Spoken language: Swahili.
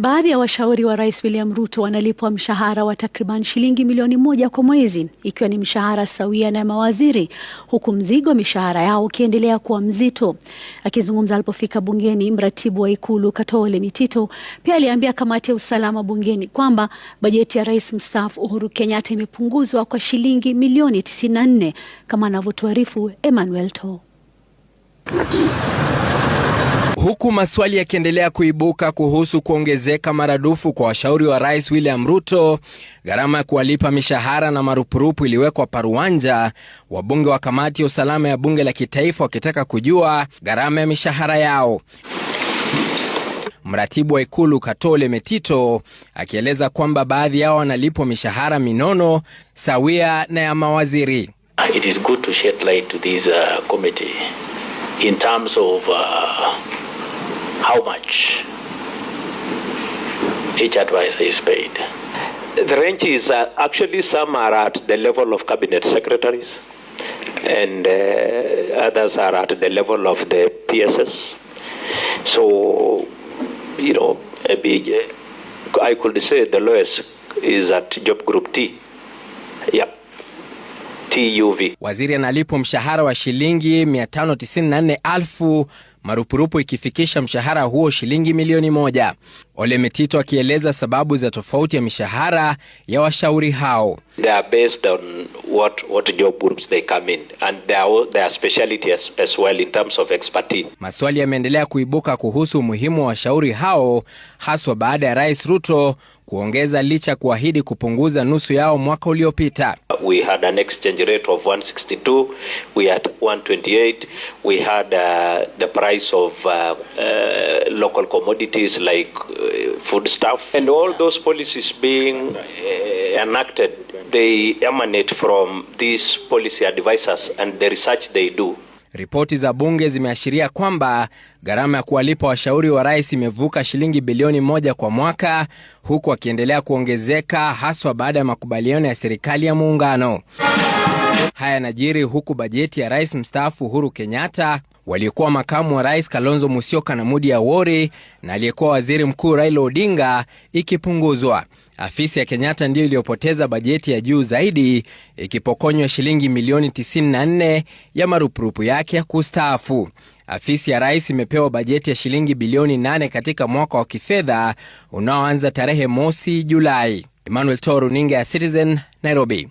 Baadhi ya washauri wa Rais William Ruto wanalipwa mshahara wa takriban shilingi milioni moja kwa mwezi ikiwa ni mshahara sawia na mawaziri huku mzigo wa mishahara yao ukiendelea kuwa mzito. Akizungumza alipofika bungeni, mratibu wa Ikulu Katole Mitito pia aliambia kamati ya usalama bungeni kwamba bajeti ya Rais mstaafu Uhuru Kenyatta imepunguzwa kwa shilingi milioni 94 kama anavyotuarifu Emmanuel To. Huku maswali yakiendelea kuibuka kuhusu kuongezeka maradufu kwa washauri wa rais William Ruto, gharama ya kuwalipa mishahara na marupurupu iliwekwa paruanja, wabunge wa kamati ya usalama ya bunge la kitaifa wakitaka kujua gharama ya mishahara yao. Mratibu wa ikulu Katole Metito akieleza kwamba baadhi yao wanalipwa mishahara minono sawia na ya mawaziri. It is good to shed light to this, uh, committee in terms of, uh how much each advisor is paid. The range is uh, actually some are at the level of cabinet secretaries and uh, others are at the level of the PSS. So, you know, maybe uh, I could say the lowest is at job group T. Yep. TUV. Waziri analipwa mshahara wa shilingi 594,000 marupurupu ikifikisha mshahara huo shilingi milioni moja. Ole Metito akieleza sababu za tofauti ya mishahara ya washauri hao. Maswali yameendelea kuibuka kuhusu umuhimu wa washauri hao haswa baada ya Rais Ruto kuongeza licha kuahidi kupunguza nusu yao mwaka uliopita. We had an exchange rate of 162, we had 128, we had, uh, the price of uh, uh, local commodities like uh, foodstuff. And all those policies being uh, enacted, they emanate from these policy advisors and the research they do. Ripoti za bunge zimeashiria kwamba gharama ya kuwalipa washauri wa rais imevuka shilingi bilioni moja kwa mwaka huku akiendelea kuongezeka haswa baada ya makubaliano ya serikali ya muungano. Haya najiri huku bajeti ya rais mstaafu Uhuru Kenyatta waliokuwa makamu wa rais Kalonzo Musyoka na Mudi Awori na aliyekuwa waziri mkuu Raila Odinga ikipunguzwa. Afisi ya Kenyatta ndiyo iliyopoteza bajeti ya juu zaidi ikipokonywa shilingi milioni 94 ya marupurupu yake ya kustaafu. Afisi ya rais imepewa bajeti ya shilingi bilioni 8 katika mwaka wa kifedha unaoanza tarehe mosi Julai. Emmanuel Toro, runinga ya Citizen, Nairobi.